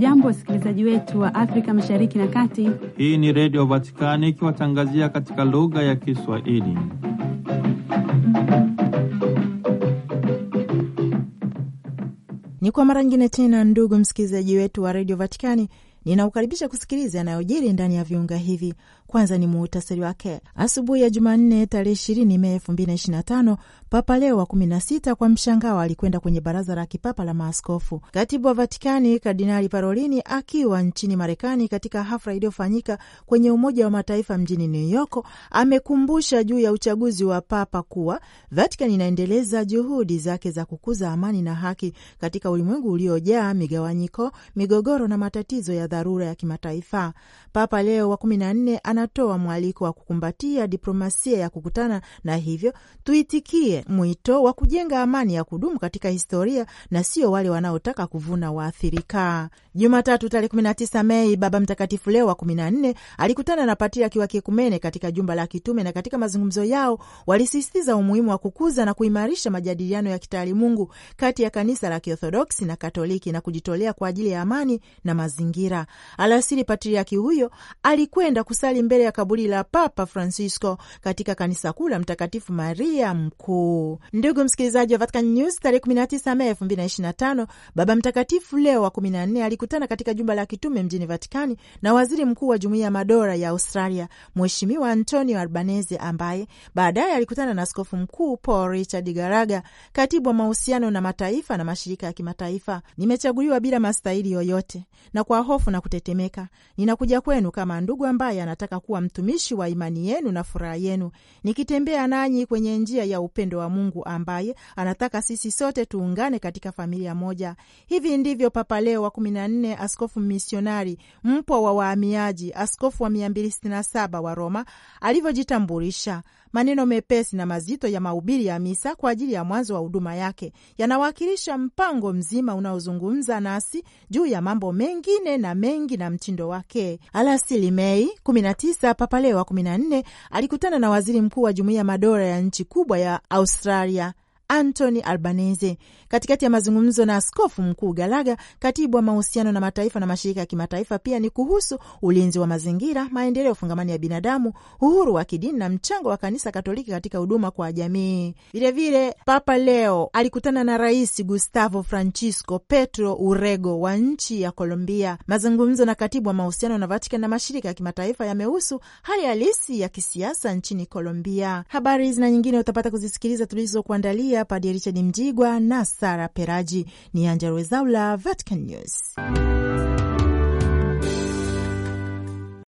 Hamjambo, wasikilizaji wetu wa Afrika mashariki na kati. Hii ni Redio Vatikani ikiwatangazia katika lugha ya Kiswahili. Ni kwa mara nyingine tena, ndugu msikilizaji wetu wa Redio Vatikani, ninaukaribisha kusikiliza yanayojiri ndani ya viunga hivi. Kwanza ni muutasiri wake. Asubuhi ya Jumanne tarehe 20 Mei 2025 Papa Leo wa kumi na sita kwa mshangao alikwenda kwenye baraza la kipapa la maaskofu. Katibu wa Vatikani Kardinali Parolini akiwa nchini Marekani katika hafla iliyofanyika kwenye Umoja wa Mataifa mjini New York amekumbusha juu ya uchaguzi wa papa kuwa Vatican inaendeleza juhudi zake za kukuza amani na haki katika ulimwengu uliojaa migawanyiko, migogoro na matatizo ya dharura ya kimataifa. Papa Leo wa kumi na nne anatoa mwaliko wa kukumbatia diplomasia ya kukutana, na hivyo tuitikie mwito wa kujenga amani ya kudumu katika historia na sio wale wanaotaka kuvuna waathirika. Jumatatu tarehe 19 Mei, Baba Mtakatifu Leo wa 14 alikutana na Patriaki wa Kiekumene katika jumba la kitume, na katika mazungumzo yao walisisitiza umuhimu wa kukuza na kuimarisha majadiliano ya kitaalimungu kati ya kanisa la Kiorthodoksi na Katoliki na kujitolea kwa ajili ya amani na mazingira. Alasiri Patriaki huyo alikwenda kusali mbele ya kaburi la Papa Francisco katika kanisa kuu la Mtakatifu Maria Mkuu huu. Ndugu msikilizaji wa Vatican News, tarehe 19 Mei 2025 Baba Mtakatifu Leo wa 14 alikutana katika jumba la kitume mjini Vatikani na waziri mkuu wa Jumuiya ya Madola ya Australia, Mheshimiwa Antonio Albanese, ambaye baadaye alikutana na askofu mkuu Paul Richard Garaga, katibu wa mahusiano na mataifa na mashirika ya kimataifa. Nimechaguliwa bila mastahili yoyote na kwa hofu na kutetemeka, ninakuja kwenu kama ndugu ambaye anataka kuwa mtumishi wa imani yenu na furaha yenu, nikitembea nanyi kwenye njia ya upendo wa Mungu ambaye anataka sisi sote tuungane katika familia moja. Hivi ndivyo Papa Leo wa kumi na nne, askofu misionari mpwa wa wahamiaji, askofu wa 267 wa Roma alivyojitambulisha. Maneno mepesi na mazito ya mahubiri ya misa kwa ajili ya mwanzo wa huduma yake yanawakilisha mpango mzima unaozungumza nasi juu ya mambo mengine na mengi na mtindo wake. Alasili Mei 19 Papa Leo wa 14 alikutana na waziri mkuu wa Jumuiya ya Madola ya nchi kubwa ya Australia Anthony Albanese katikati ya mazungumzo na askofu mkuu Galaga, katibu wa mahusiano na mataifa na mashirika ya kimataifa, pia ni kuhusu ulinzi wa mazingira, maendeleo fungamani ya binadamu, uhuru wa kidini na mchango wa kanisa Katoliki katika huduma kwa jamii. Vilevile Papa Leo alikutana na Rais Gustavo Francisco Petro urego wa nchi ya Colombia. Mazungumzo na katibu wa mahusiano na Vatican na mashirika ya kimataifa yamehusu hali halisi ya kisiasa nchini Colombia. Habari hizi na nyingine utapata kuzisikiliza tulizokuandalia Italia Padri Richard Mjigwa na Sara Peraji. Ni Anja Rwezaula, Vatican News.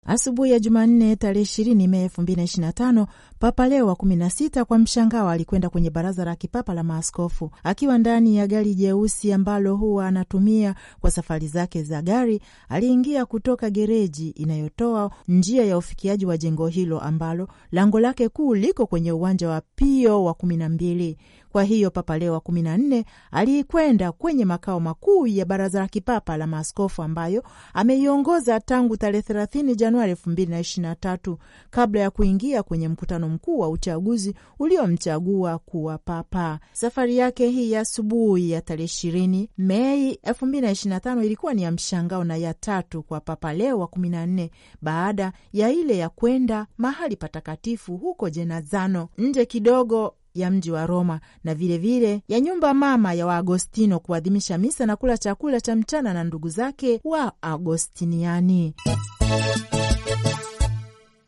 Asubuhi ya Jumanne tarehe 20 Mei 2025 Papa Leo wa 16 kwa mshangao alikwenda kwenye baraza la kipapa la maaskofu akiwa ndani ya gari jeusi ambalo huwa anatumia kwa safari zake za gari. Aliingia kutoka gereji inayotoa njia ya ufikiaji wa jengo hilo ambalo lango lake kuu liko kwenye uwanja wa Pio wa mbili kwa hiyo Papa Leo wa kumi na nne aliikwenda kwenye makao makuu ya Baraza la Kipapa la Maaskofu ambayo ameiongoza tangu tarehe thelathini Januari elfu mbili na ishirini na tatu kabla ya kuingia kwenye mkutano mkuu wa uchaguzi uliomchagua kuwa papa. Safari yake hii ya asubuhi ya tarehe ishirini Mei elfu mbili na ishirini na tano ilikuwa ni ya mshangao na ya tatu kwa Papa Leo wa kumi na nne baada ya ile ya kwenda mahali patakatifu huko Jenazano nje kidogo ya mji wa Roma na vilevile vile ya nyumba mama ya Waagostino kuadhimisha misa na kula chakula cha mchana na ndugu zake wa Agostiniani.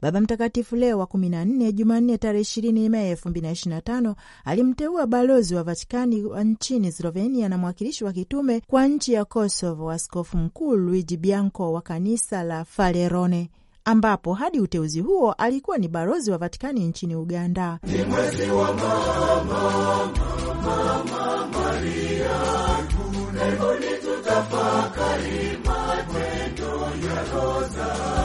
Baba Mtakatifu Leo wa 14 Jumanne tarehe 20 Mei 2025 alimteua balozi wa Vatikani wa nchini Slovenia na mwakilishi wa kitume kwa nchi ya Kosovo, askofu mkuu Luigi Bianco wa kanisa la Falerone ambapo hadi uteuzi huo alikuwa ni balozi wa Vatikani nchini Uganda. Ni mwezi wa mama, mama, mama Maria, tutafakari matendo ya Roza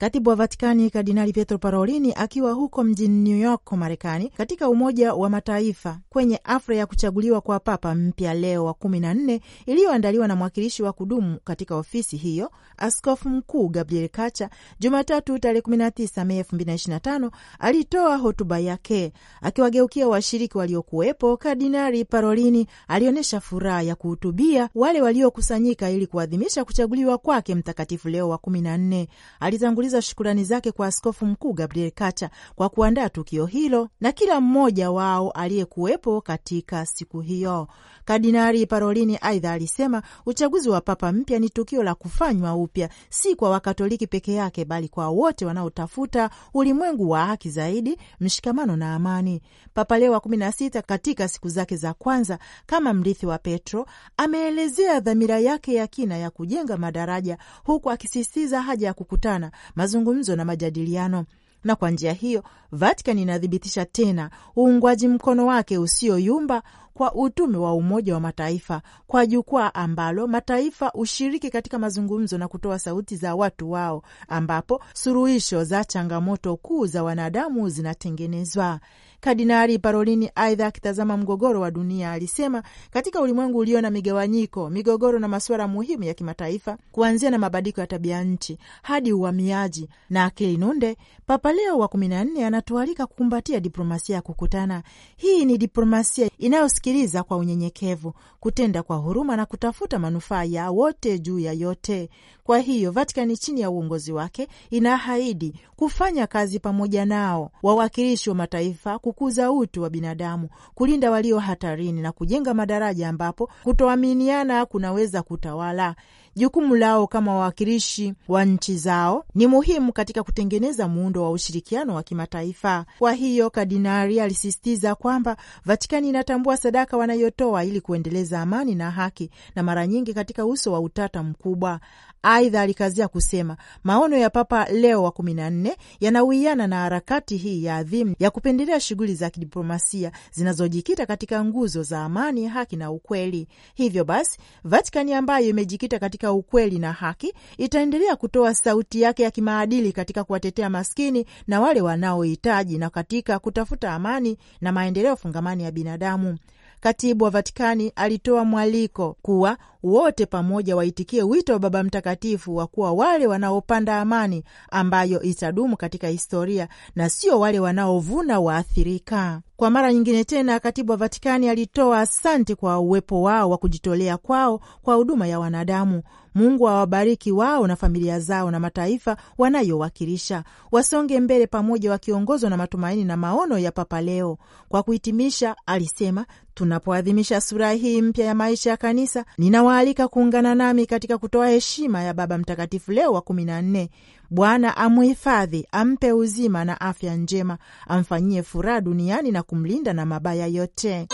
Katibu wa Vatikani Kardinali Pietro Parolini akiwa huko mjini New York, Marekani, katika Umoja wa Mataifa kwenye afra ya kuchaguliwa kwa Papa mpya Leo wa kumi na nne iliyoandaliwa na mwakilishi wa kudumu katika ofisi hiyo Askofu Mkuu Gabriel Kacha Jumatatu tarehe 19 Mei 2025 alitoa hotuba yake. Akiwageukia washiriki waliokuwepo, Kardinali Parolini alionyesha furaha ya kuhutubia wale waliokusanyika ili kuadhimisha kuchaguliwa kwake Mtakatifu Leo wa kumi na nne. Alitanguliza kueleza shukurani zake kwa Askofu Mkuu Gabriel Kata kwa kuandaa tukio hilo na kila mmoja wao aliyekuwepo katika siku hiyo. Kardinali Parolini aidha alisema uchaguzi wa papa mpya ni tukio la kufanywa upya, si kwa Wakatoliki peke yake, bali kwa wote wanaotafuta ulimwengu wa haki zaidi, mshikamano na amani. Papa Leo wa kumi na sita katika siku zake za kwanza kama mrithi wa Petro ameelezea dhamira yake ya kina ya kujenga madaraja, huku akisisitiza haja ya kukutana mazungumzo na majadiliano na kwa njia hiyo Vatican inathibitisha tena uungwaji mkono wake usioyumba kwa utume wa Umoja wa Mataifa, kwa jukwaa ambalo mataifa hushiriki katika mazungumzo na kutoa sauti za watu wao, ambapo suluhisho za changamoto kuu za wanadamu zinatengenezwa. Kardinali Parolini, aidha akitazama mgogoro wa dunia, alisema katika ulimwengu ulio na migawanyiko, migogoro na masuala muhimu ya kimataifa, kuanzia na mabadiliko ya tabia nchi hadi uhamiaji na akili nunde, Papa Leo wa kumi na nne anatualika kukumbatia diplomasia ya kukutana. Hii ni diplomasia inayosikiliza kwa unyenyekevu, kutenda kwa huruma na kutafuta manufaa ya wote juu ya yote. Kwa hiyo Vatikani chini ya uongozi wake inaahidi kufanya kazi pamoja nao wawakilishi wa mataifa kukuza utu wa binadamu, kulinda walio hatarini na kujenga madaraja ambapo kutoaminiana kunaweza kutawala. Jukumu lao kama wawakilishi wa nchi zao ni muhimu katika kutengeneza muundo wa ushirikiano wa kimataifa. Kwa hiyo, kardinali alisisitiza kwamba Vatikani inatambua sadaka wanayotoa ili kuendeleza amani na haki, na mara nyingi katika uso wa utata mkubwa. Aidha, alikazia kusema maono ya Papa Leo wa kumi na nne yanawiana na harakati hii ya adhimu ya kupendelea shughuli za kidiplomasia zinazojikita katika nguzo za amani, haki na ukweli. Hivyo basi, Vatikani ambayo imejikita katika katika ukweli na haki, itaendelea kutoa sauti yake ya kimaadili katika kuwatetea maskini na wale wanaohitaji na katika kutafuta amani na maendeleo fungamani ya binadamu. Katibu wa Vatikani alitoa mwaliko kuwa wote pamoja waitikie wito wa Baba Mtakatifu wa kuwa wale wanaopanda amani ambayo itadumu katika historia na sio wale wanaovuna waathirika. Kwa mara nyingine tena, katibu wa Vatikani alitoa asanti kwa uwepo wao wa kujitolea kwao kwa huduma ya wanadamu. Mungu awabariki wa wao na familia zao na mataifa wanayowakilisha, wasonge mbele pamoja, wakiongozwa na matumaini na maono ya Papa Leo. Kwa kuhitimisha, alisema tunapoadhimisha sura hii mpya ya maisha ya kanisa nina ninawaalika kuungana nami katika kutoa heshima ya Baba Mtakatifu Leo wa kumi na nne. Bwana amuhifadhi, ampe uzima na afya njema, amfanyie furaha duniani na kumlinda na mabaya yote.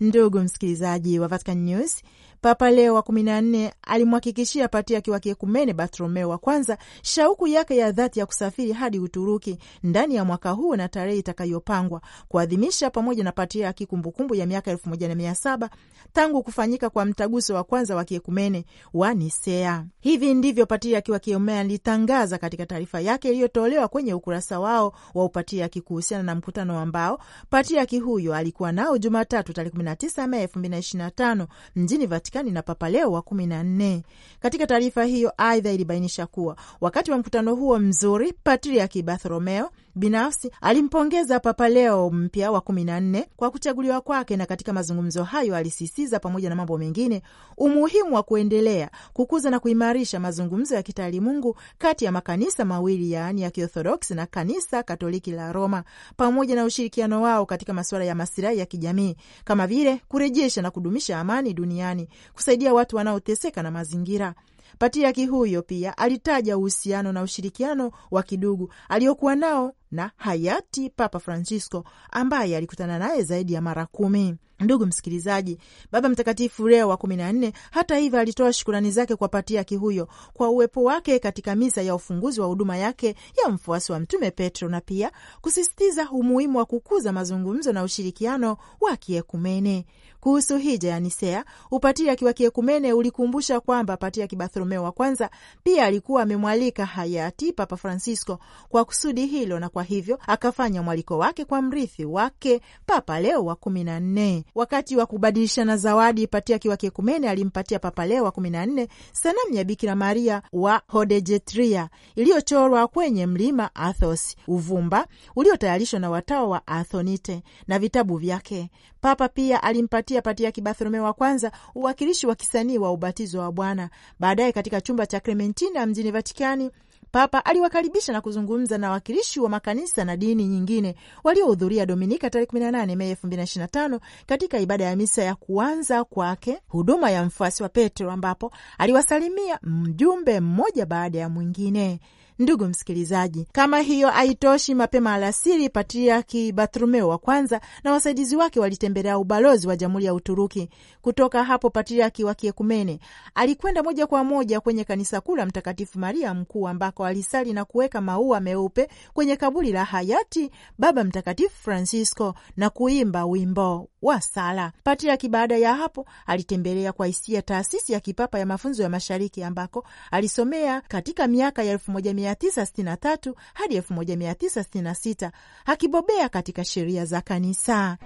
Ndugu msikilizaji wa Vatican News, Papa Leo wa kumi na nne alimhakikishia patriaki wa kiekumene Bartolomeo wa kwanza shauku yake ya dhati ya kusafiri hadi Uturuki ndani ya mwaka huu na tarehe itakayopangwa kuadhimisha pamoja na patriaki kumbukumbu ya miaka elfu moja na mia saba tangu kufanyika kwa mtaguso wa kwanza wa kiekumene wa Nisea. Hivi ndivyo patriaki wa kiekumene alitangaza katika taarifa yake iliyotolewa kwenye ukurasa wao wa upatriaki kuhusiana na mkutano ambao patriaki huyo alikuwa nao Jumatatu tarehe 19 Mei 2025 mjini Vatikani Vatikani na Papa Leo wa kumi na nne. Katika taarifa hiyo, aidha ilibainisha kuwa wakati wa mkutano huo mzuri, Patriaki Bartholomeo Binafsi alimpongeza Papa Leo mpya wa kumi na nne kwa kuchaguliwa kwake, na katika mazungumzo hayo alisisitiza pamoja na mambo mengine umuhimu wa kuendelea kukuza na kuimarisha mazungumzo ya kitaalimungu kati ya makanisa mawili, yaani ya Kiorthodoksi na Kanisa Katoliki la Roma, pamoja na ushirikiano wao katika masuala ya masilahi ya kijamii kama vile kurejesha na kudumisha amani duniani, kusaidia watu wanaoteseka na mazingira Patriaki huyo pia alitaja uhusiano na ushirikiano wa kidugu aliyokuwa nao na hayati Papa Francisco ambaye alikutana naye zaidi ya mara kumi. Ndugu msikilizaji, Baba Mtakatifu Leo wa kumi na nne hata hivyo alitoa shukurani zake kwa patriaki huyo kwa uwepo wake katika misa ya ufunguzi wa huduma yake ya mfuasi wa Mtume Petro na pia kusisitiza umuhimu wa kukuza mazungumzo na ushirikiano wa kiekumene kuhusu hija ya Nisea, upatriaki wa kiekumene ulikumbusha kwamba Patriaki Bartholomeo wa kwanza pia alikuwa amemwalika hayati Papa Francisco kwa kusudi hilo, na kwa hivyo akafanya mwaliko wake kwa mrithi wake Papa Leo wa kumi na nne. Wakati wa kubadilishana zawadi, Patriaki wa kiekumene alimpatia Papa Leo wa kumi na nne sanamu ya Bikira Maria wa Hodejetria iliyochorwa kwenye mlima Athos, uvumba uliotayarishwa na watawa wa Athonite na vitabu vyake. Papa pia alimpatia Patriaki Bartholomeo wa kwanza uwakilishi wa kisanii wa ubatizo wa Bwana. Baadaye katika chumba cha Klementina mjini Vatikani, Papa aliwakaribisha na kuzungumza na wakilishi wa makanisa na dini nyingine waliohudhuria Dominika tarehe 18 Mei 2025 katika ibada ya misa ya kuanza kwake huduma ya mfuasi wa Petro, ambapo aliwasalimia mjumbe mmoja baada ya mwingine. Ndugu msikilizaji, kama hiyo haitoshi, mapema alasiri Patriaki Bartholomeo wa kwanza na wasaidizi wake walitembelea ubalozi wa Jamhuri ya Uturuki. Kutoka hapo Patriaki wa kiekumene alikwenda moja kwa moja kwenye kanisa kuu la Mtakatifu Maria Mkuu, ambako alisali na kuweka maua meupe kwenye kaburi la hayati Baba Mtakatifu Francisco na kuimba wimbo wa sala. Patriaki baada ya hapo alitembelea kwa hisia taasisi ya kipapa ya mafunzo ya mashariki ambako alisomea katika miaka ya 1963 hadi 1966 akibobea katika sheria za kanisa.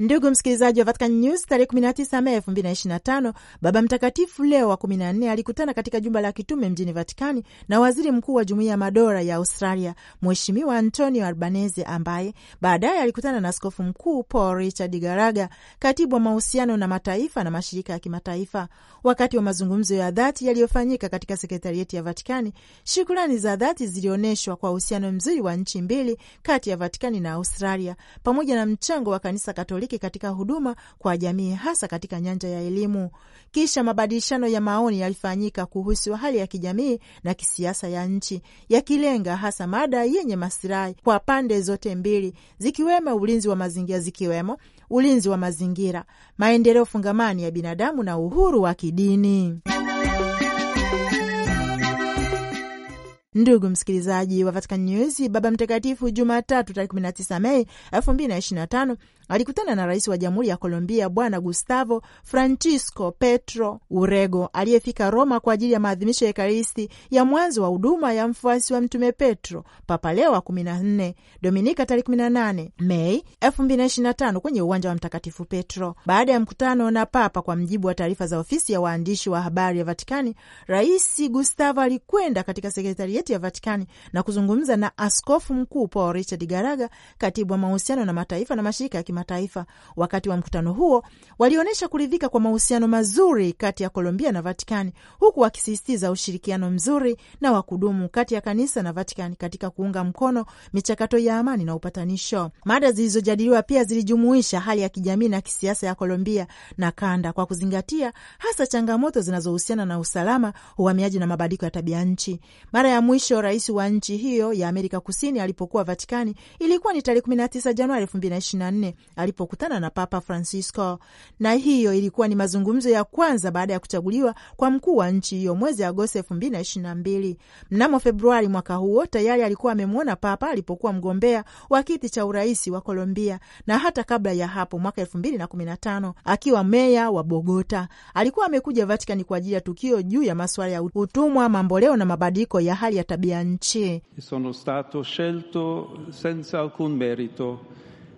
Ndugu msikilizaji wa Vatican News, tarehe 19 Mei 2025 Baba Mtakatifu Leo wa 14 alikutana katika jumba la kitume mjini Vatikani na waziri mkuu wa Jumuiya ya Madola ya Australia, Mheshimiwa Antonio Albanese, ambaye baadaye alikutana na askofu mkuu Paul Richard Garaga, katibu wa mahusiano na mataifa na mashirika ya kimataifa, wakati wa mazungumzo ya dhati yaliyofanyika katika sekretarieti ya Vatikani. shukurani za dhati zilionyeshwa kwa uhusiano mzuri wa nchi mbili kati ya Vatikani na Australia pamoja na mchango wa kanisa Katoliki kushiriki katika huduma kwa jamii, hasa katika nyanja ya elimu. Kisha mabadilishano ya maoni yalifanyika kuhusu hali ya kijamii na kisiasa ya nchi, yakilenga hasa mada yenye masilahi kwa pande zote mbili, zikiwemo ulinzi wa mazingira, zikiwemo ulinzi wa mazingira, maendeleo fungamani ya binadamu na uhuru wa kidini. Ndugu msikilizaji wa Vatican News, Baba Mtakatifu Jumatatu tarehe 19 Mei 2025 alikutana na rais wa Jamhuri ya Colombia Bwana Gustavo Francisco Petro urego aliyefika Roma kwa ajili ya maadhimisho ya Ekaristi ya mwanzo wa huduma ya mfuasi wa Mtume Petro, Papa Leo wa 14 Dominika tarehe 18 Mei 2025 kwenye uwanja wa Mtakatifu Petro. Baada ya mkutano na Papa, kwa mjibu wa taarifa za ofisi ya waandishi wa habari ya Vatikani, Rais Gustavo alikwenda katika sekretarieti kati ya Vatikani na kuzungumza na Askofu Mkuu Paul Richard Garaga, katibu wa mahusiano na mataifa na mashirika ya kimataifa. Wakati wa mkutano huo, walionyesha kuridhika kwa mahusiano mazuri kati ya Kolombia na Vatikani, huku wakisisitiza ushirikiano mzuri na wa kudumu kati ya kanisa na Vatikani katika kuunga mkono michakato ya amani na upatanisho. Mada zilizojadiliwa pia zilijumuisha hali ya kijamii na kisiasa ya Kolombia na kanda kwa kuzingatia hasa changamoto zinazohusiana na usalama, uhamiaji na mabadiliko ya tabia nchi. Mara ya mwisho mwisho rais wa nchi hiyo ya Amerika Kusini alipokuwa Vatikani ilikuwa ni tarehe 19 Januari 2024 alipokutana na Papa Francisco, na hiyo ilikuwa ni mazungumzo ya kwanza baada ya kuchaguliwa kwa mkuu wa nchi hiyo mwezi Agosti 2022. Mnamo Februari mwaka huo tayari alikuwa amemwona Papa alipokuwa mgombea wa kiti cha urais wa Colombia, na hata kabla ya hapo mwaka 2015 akiwa meya wa Bogota alikuwa amekuja Vatikani kwa ajili ya tukio juu ya masuala ya utumwa mamboleo na mabadiliko ya hali ya tabia nchi. Sono stato scelto senza alcun merito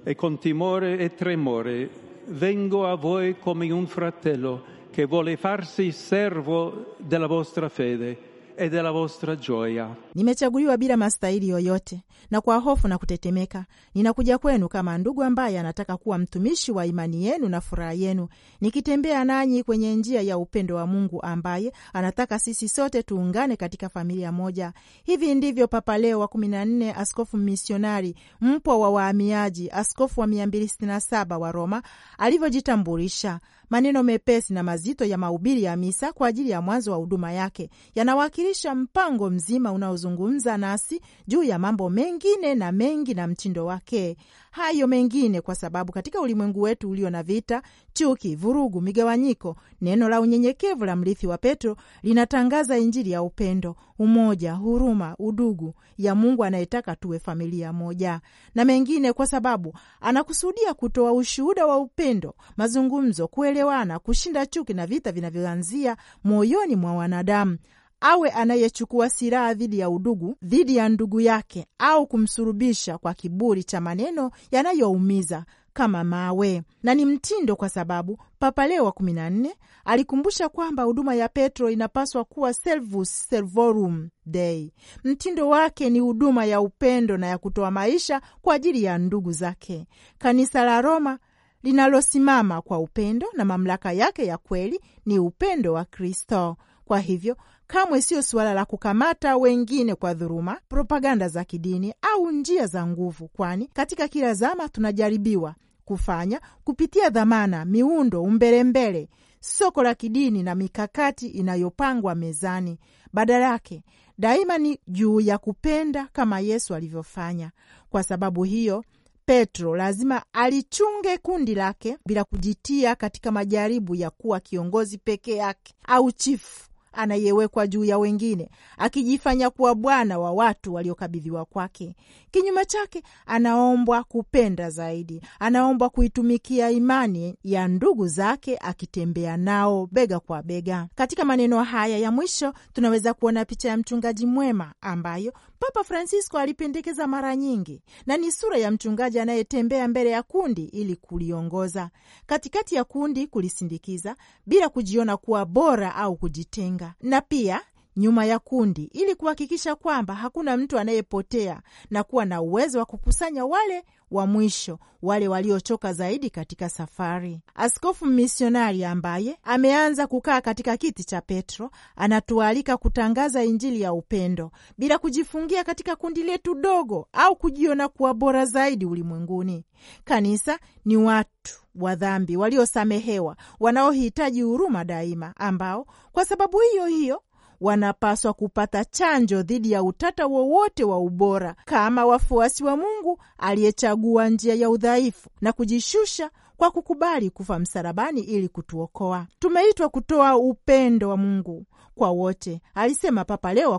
e con timore e tremore vengo a voi come un fratello che vuole farsi servo della vostra fede e della vostra gioia. Nimechaguliwa bila mastahili yoyote, na kwa hofu na kutetemeka ninakuja kwenu kama ndugu ambaye anataka kuwa mtumishi wa imani yenu na furaha yenu, nikitembea nanyi kwenye njia ya upendo wa Mungu ambaye anataka sisi sote tuungane katika familia moja. Hivi ndivyo Papa Leo wa 14 askofu misionari mpwa wa wahamiaji, askofu wa 267 wa Roma alivyojitambulisha. Maneno mepesi na mazito ya mahubiri ya misa kwa ajili ya mwanzo wa huduma yake yanawakilisha mpango mzima unaozungumza nasi juu ya mambo mengine na mengi na mtindo wake hayo mengine, kwa sababu katika ulimwengu wetu ulio na vita, chuki, vurugu, migawanyiko, neno la unyenyekevu la mrithi wa Petro linatangaza Injili ya upendo, umoja, huruma, udugu ya Mungu anayetaka tuwe familia moja, na mengine kwa sababu anakusudia kutoa ushuhuda wa upendo, mazungumzo, kuelewana, kushinda chuki na vita vinavyoanzia moyoni mwa wanadamu awe anayechukua silaha dhidi ya udugu, dhidi ya ndugu yake, au kumsurubisha kwa kiburi cha maneno yanayoumiza kama mawe. Na ni mtindo, kwa sababu Papa Leo wa kumi na nne alikumbusha kwamba huduma ya Petro inapaswa kuwa Servus Servorum Dei. Mtindo wake ni huduma ya upendo na ya kutoa maisha kwa ajili ya ndugu zake. Kanisa la Roma linalosimama kwa upendo na mamlaka yake ya kweli ni upendo wa Kristo. Kwa hivyo kamwe siyo suala la kukamata wengine kwa dhuruma propaganda za kidini au njia za nguvu, kwani katika kila zama tunajaribiwa kufanya kupitia dhamana, miundo, umbelembele, soko la kidini na mikakati inayopangwa mezani. Badala yake daima ni juu ya kupenda kama Yesu alivyofanya. Kwa sababu hiyo, Petro lazima alichunge kundi lake bila kujitia katika majaribu ya kuwa kiongozi peke yake au chifu anayewekwa juu ya wengine, akijifanya kuwa bwana wa watu waliokabidhiwa kwake. Kinyume chake, anaombwa kupenda zaidi, anaombwa kuitumikia imani ya ndugu zake, akitembea nao bega kwa bega. Katika maneno haya ya mwisho tunaweza kuona picha ya mchungaji mwema ambayo Papa Francisco alipendekeza mara nyingi, na ni sura ya mchungaji anayetembea mbele ya kundi ili kuliongoza, katikati ya kundi kulisindikiza, bila kujiona kuwa bora au kujitenga, na pia nyuma ya kundi ili kuhakikisha kwamba hakuna mtu anayepotea na kuwa na uwezo wa kukusanya wale wa mwisho, wale waliochoka zaidi katika safari. Askofu misionari ambaye ameanza kukaa katika kiti cha Petro anatualika kutangaza Injili ya upendo bila kujifungia katika kundi letu dogo au kujiona kuwa bora zaidi ulimwenguni. Kanisa ni watu wa dhambi waliosamehewa, wanaohitaji huruma daima, ambao kwa sababu hiyo hiyo wanapaswa kupata chanjo dhidi ya utata wowote wa ubora kama wafuasi wa Mungu aliyechagua njia ya udhaifu na kujishusha kwa kukubali kufa msalabani ili kutuokoa. Tumeitwa kutoa upendo wa Mungu kwa wote, alisema Papa Leo wa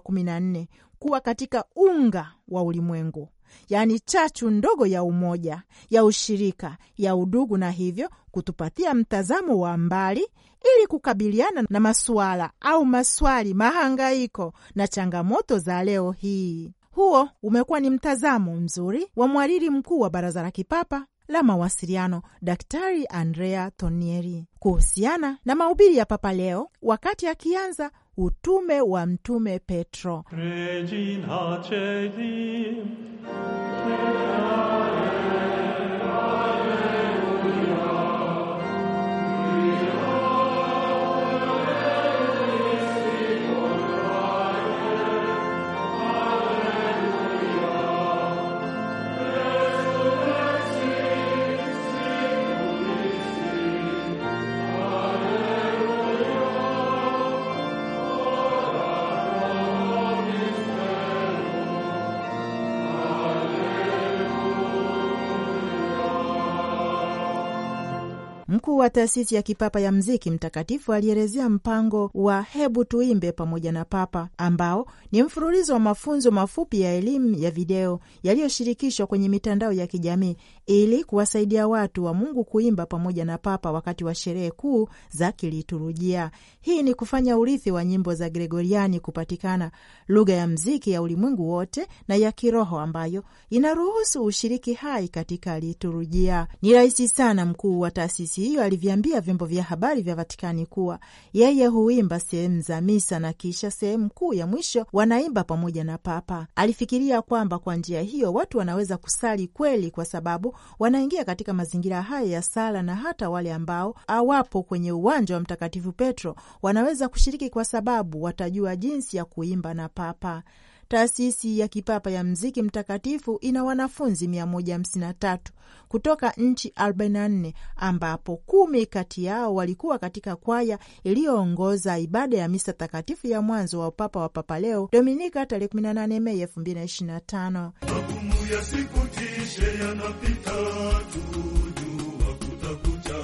kuwa katika unga wa ulimwengu yaani chachu ndogo ya umoja, ya ushirika, ya udugu, na hivyo kutupatia mtazamo wa mbali ili kukabiliana na masuala au maswali, mahangaiko na changamoto za leo hii. Huo umekuwa ni mtazamo mzuri wa mhariri mkuu wa Baraza la Kipapa la Mawasiliano, Daktari Andrea Tonieri kuhusiana na mahubiri ya Papa leo wakati akianza utume wa Mtume Petro Regina Celim per aurea wa taasisi ya kipapa ya mziki mtakatifu alielezea mpango wa hebu tuimbe pamoja na Papa, ambao ni mfululizo wa mafunzo mafupi ya elimu ya video yaliyoshirikishwa kwenye mitandao ya kijamii ili kuwasaidia watu wa Mungu kuimba pamoja na Papa wakati wa sherehe kuu za kiliturujia. Hii ni kufanya urithi wa nyimbo za Gregoriani kupatikana, lugha ya mziki ya ulimwengu wote na ya kiroho ambayo inaruhusu ushiriki hai katika liturujia. Ni rahisi sana mkuu wa taasisi hiyo aliviambia vyombo vya habari vya Vatikani kuwa yeye huimba sehemu za misa na kisha sehemu kuu ya mwisho wanaimba pamoja na Papa. Alifikiria kwamba kwa njia hiyo watu wanaweza kusali kweli, kwa sababu wanaingia katika mazingira haya ya sala, na hata wale ambao hawapo kwenye uwanja wa Mtakatifu Petro wanaweza kushiriki, kwa sababu watajua jinsi ya kuimba na Papa. Taasisi ya Kipapa ya Mziki Mtakatifu ina wanafunzi 153 kutoka nchi 44 ambapo kumi kati yao walikuwa katika kwaya iliyoongoza ibada ya misa takatifu ya mwanzo wa upapa wa Papa Leo Dominika tarehe 18 Mei 2025. Yasikutishe yanapita kutakucha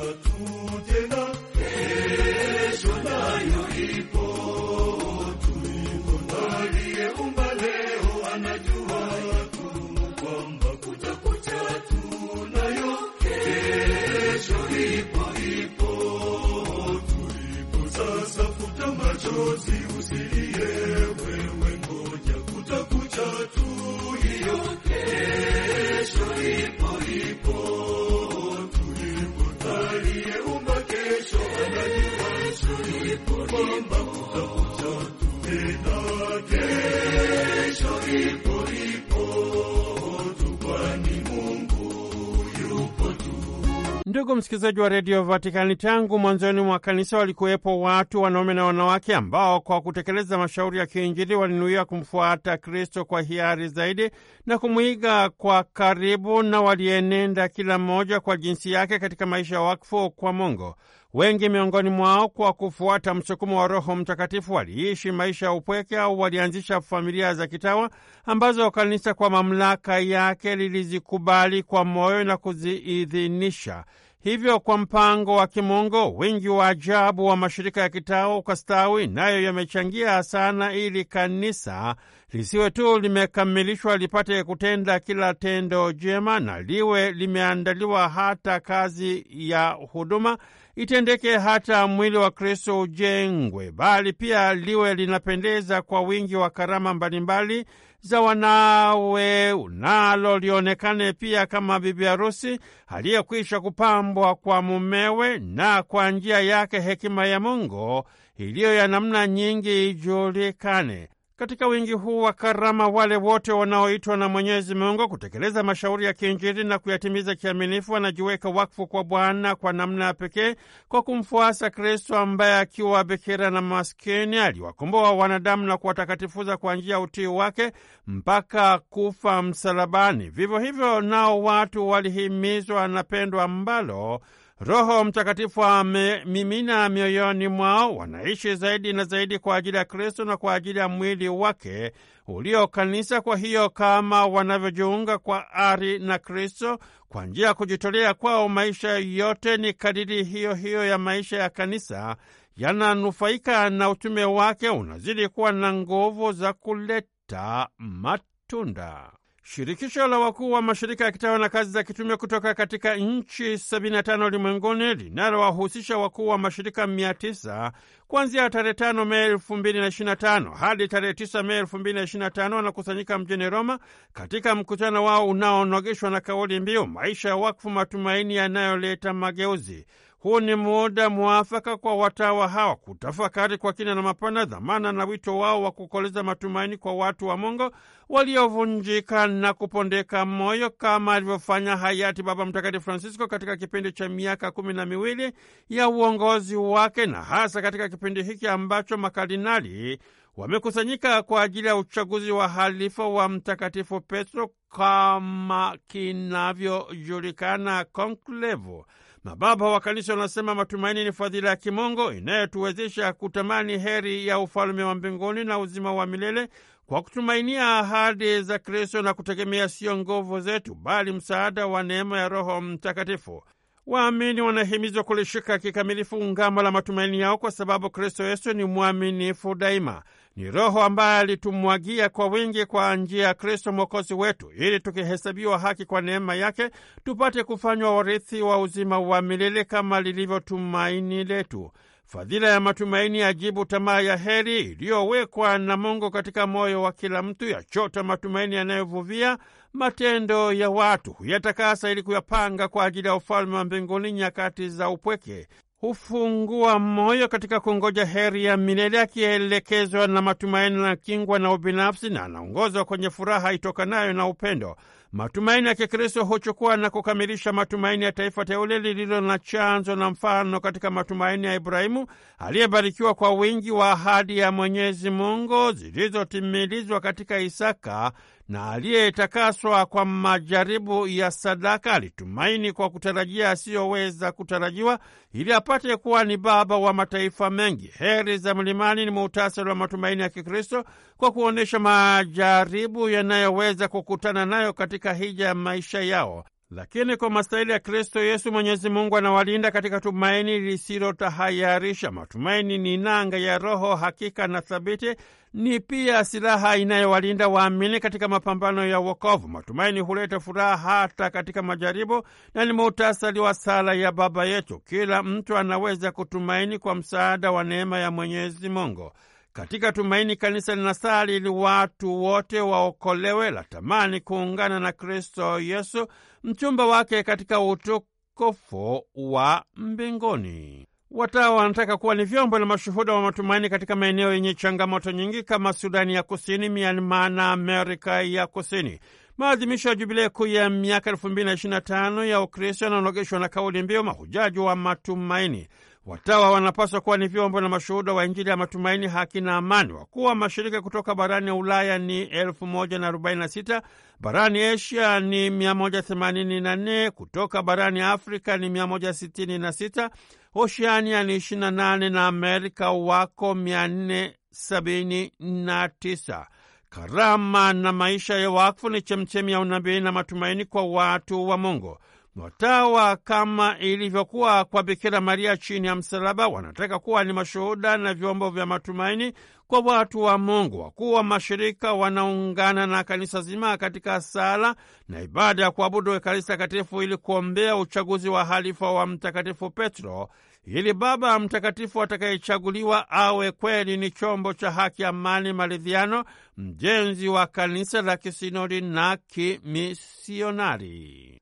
Ndugu msikilizaji wa redio Vatikani, tangu mwanzoni mwa kanisa walikuwepo watu wanaume na wanawake ambao kwa kutekeleza mashauri ya kiinjili walinuia kumfuata Kristo kwa hiari zaidi na kumwiga kwa karibu, na walienenda kila mmoja kwa jinsi yake katika maisha ya wakfu kwa Mungu. Wengi miongoni mwao kwa kufuata msukumo wa Roho Mtakatifu waliishi maisha ya upweke au walianzisha familia za kitawa ambazo kanisa kwa mamlaka yake lilizikubali kwa moyo na kuziidhinisha. Hivyo kwa mpango wa kimongo wingi wa ajabu wa mashirika ya kitawa ukastawi, nayo yamechangia sana ili kanisa lisiwe tu limekamilishwa, lipate kutenda kila tendo jema na liwe limeandaliwa hata kazi ya huduma itendeke, hata mwili wa Kristo ujengwe, bali pia liwe linapendeza kwa wingi wa karama mbalimbali mbali, za wanawe unalo lionekane pia kama bibi harusi aliyekwisha kupambwa kwa mumewe, na kwa njia yake hekima ya Mungu iliyo ya namna nyingi ijulikane. Katika wingi huu wa karama, wale wote wanaoitwa na Mwenyezi Mungu kutekeleza mashauri ya kiinjili na kuyatimiza kiaminifu wanajiweka wakfu kwa Bwana kwa namna ya pekee kwa kumfuasa Kristo ambaye akiwa bikira na maskini aliwakomboa wanadamu na kuwatakatifuza kwa njia ya utii wake mpaka kufa msalabani. Vivyo hivyo nao watu walihimizwa na pendo ambalo Roho Mtakatifu amemimina mioyoni mwao, wanaishi zaidi na zaidi kwa ajili ya Kristo na kwa ajili ya mwili wake ulio kanisa. Kwa hiyo kama wanavyojiunga kwa ari na Kristo kwa njia ya kujitolea kwao, maisha yote ni kadiri hiyo hiyo ya maisha ya kanisa yananufaika na utume wake, unazidi kuwa na nguvu za kuleta matunda. Shirikisho la wakuu wa mashirika ya kitawa na kazi za kitume kutoka katika nchi 75 ulimwenguni linalowahusisha wakuu wa mashirika 900 kuanzia tarehe 5 Mei 2025 hadi tarehe 9 Mei 2025 wanakusanyika mjini Roma katika mkutano wao unaonogeshwa na kauli mbiu maisha ya wakfu, matumaini yanayoleta mageuzi. Huu ni muda mwafaka kwa watawa hawa kutafakari kwa kina na mapana dhamana na wito wao wa kukoleza matumaini kwa watu wa Mungu waliovunjika na kupondeka moyo, kama alivyofanya hayati Baba Mtakatifu Francisco katika kipindi cha miaka kumi na miwili ya uongozi wake, na hasa katika kipindi hiki ambacho makardinali wamekusanyika kwa ajili ya uchaguzi wa halifa wa Mtakatifu Petro kama kinavyojulikana konklevo. Mababa wa Kanisa wanasema matumaini ni fadhila ya kimongo inayotuwezesha kutamani heri ya ufalme wa mbinguni na uzima wa milele kwa kutumainia ahadi za Kristo na kutegemea siyo nguvu zetu, bali msaada wa neema ya Roho Mtakatifu. Waamini wanahimizwa kulishika kikamilifu ngama la matumaini yao, kwa sababu Kristo Yesu ni mwaminifu daima ni Roho ambaye alitumwagia kwa wingi kwa njia ya Kristo Mwokozi wetu, ili tukihesabiwa haki kwa neema yake tupate kufanywa warithi wa uzima wa milele kama lilivyo tumaini letu. Fadhila ya matumaini yajibu tamaa ya heri iliyowekwa na Mungu katika moyo wa kila mtu, yachota matumaini yanayovuvia matendo ya watu, huyatakasa ili kuyapanga kwa ajili ya ufalme wa mbinguni nyakati za upweke hufungua moyo katika kungoja heri ya milele, akielekezwa na matumaini na kingwa na ubinafsi, na anaongozwa kwenye furaha itokanayo na upendo. Matumaini ya Kikristo huchukua na kukamilisha matumaini ya taifa teule lililo na chanzo na mfano katika matumaini ya Ibrahimu aliyebarikiwa kwa wingi wa ahadi ya Mwenyezi Mungu zilizotimilizwa katika Isaka na aliyetakaswa kwa majaribu ya sadaka alitumaini kwa kutarajia asiyoweza kutarajiwa, ili apate kuwa ni baba wa mataifa mengi. Heri za Mlimani ni muhtasari wa matumaini ya Kikristo kwa kuonyesha majaribu yanayoweza kukutana nayo katika hija ya maisha yao. Lakini kwa mastahili ya Kristo Yesu, Mwenyezi Mungu anawalinda katika tumaini lisilotahayarisha. Matumaini ni nanga ya roho, hakika na thabiti, ni pia silaha inayowalinda waamini katika mapambano ya wokovu. Matumaini huleta furaha hata katika majaribu, na ni muhtasari wa sala ya Baba yetu. Kila mtu anaweza kutumaini kwa msaada wa neema ya Mwenyezi Mungu. Katika tumaini kanisa linasali ili watu wote waokolewe, la tamani kuungana na Kristo Yesu mchumba wake katika utukufu wa mbinguni. Watawa wanataka kuwa ni vyombo na mashuhuda wa matumaini katika maeneo yenye changamoto nyingi kama Sudani ya Kusini, Myanmar na Amerika ya Kusini. Maadhimisho ya jubilei kuu ya miaka 225 ya Ukristo yanaonogeshwa na kauli mbiu mahujaji wa matumaini. Watawa wanapaswa kuwa ni vyombo na mashuhuda wa Injili ya matumaini, haki na amani. Wakuu wa mashirika kutoka barani ya Ulaya ni 1046, barani Asia ni 184, kutoka barani Afrika ni 166, Oceania ni 28 na Amerika wako 479. Karama na maisha ya wakfu ni chemchemi ya unabii na matumaini kwa watu wa Mungu. Watawa kama ilivyokuwa kwa Bikira Maria chini ya msalaba, wanataka kuwa ni mashuhuda na vyombo vya matumaini kwa watu wa Mungu. Wakuu wa mashirika wanaungana na kanisa zima katika sala na ibada ya kuabudu Ekaristi Takatifu ili kuombea uchaguzi wa halifa wa Mtakatifu Petro ili Baba Mtakatifu atakayechaguliwa awe kweli ni chombo cha haki, amani, maridhiano, mjenzi wa kanisa la kisinodi na kimisionari.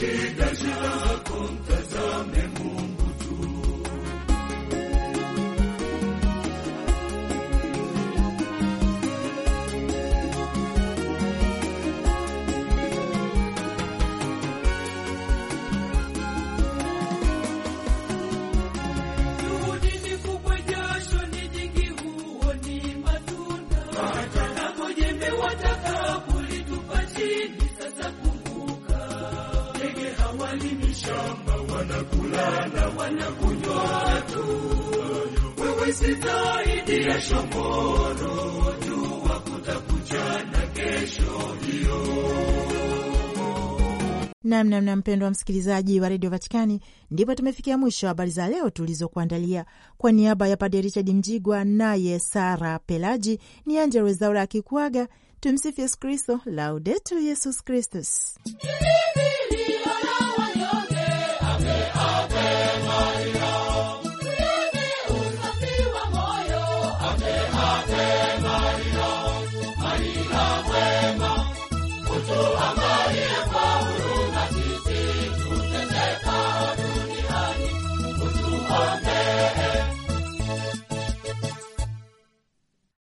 شي دجلها كنت wanakula na wanakunywa tu, wewe ya shomoro tu, na kesho hiyo namnamna. mpendo wa msikilizaji wa redio Vatikani, ndipo tumefikia mwisho wa habari za leo tulizokuandalia. Kwa niaba ya Padre Richard Mjigwa naye Sara Pelaji ni Angela Wezaura akikuaga. Tumsifu Yesu Kristo, laudetu Yesus Kristus.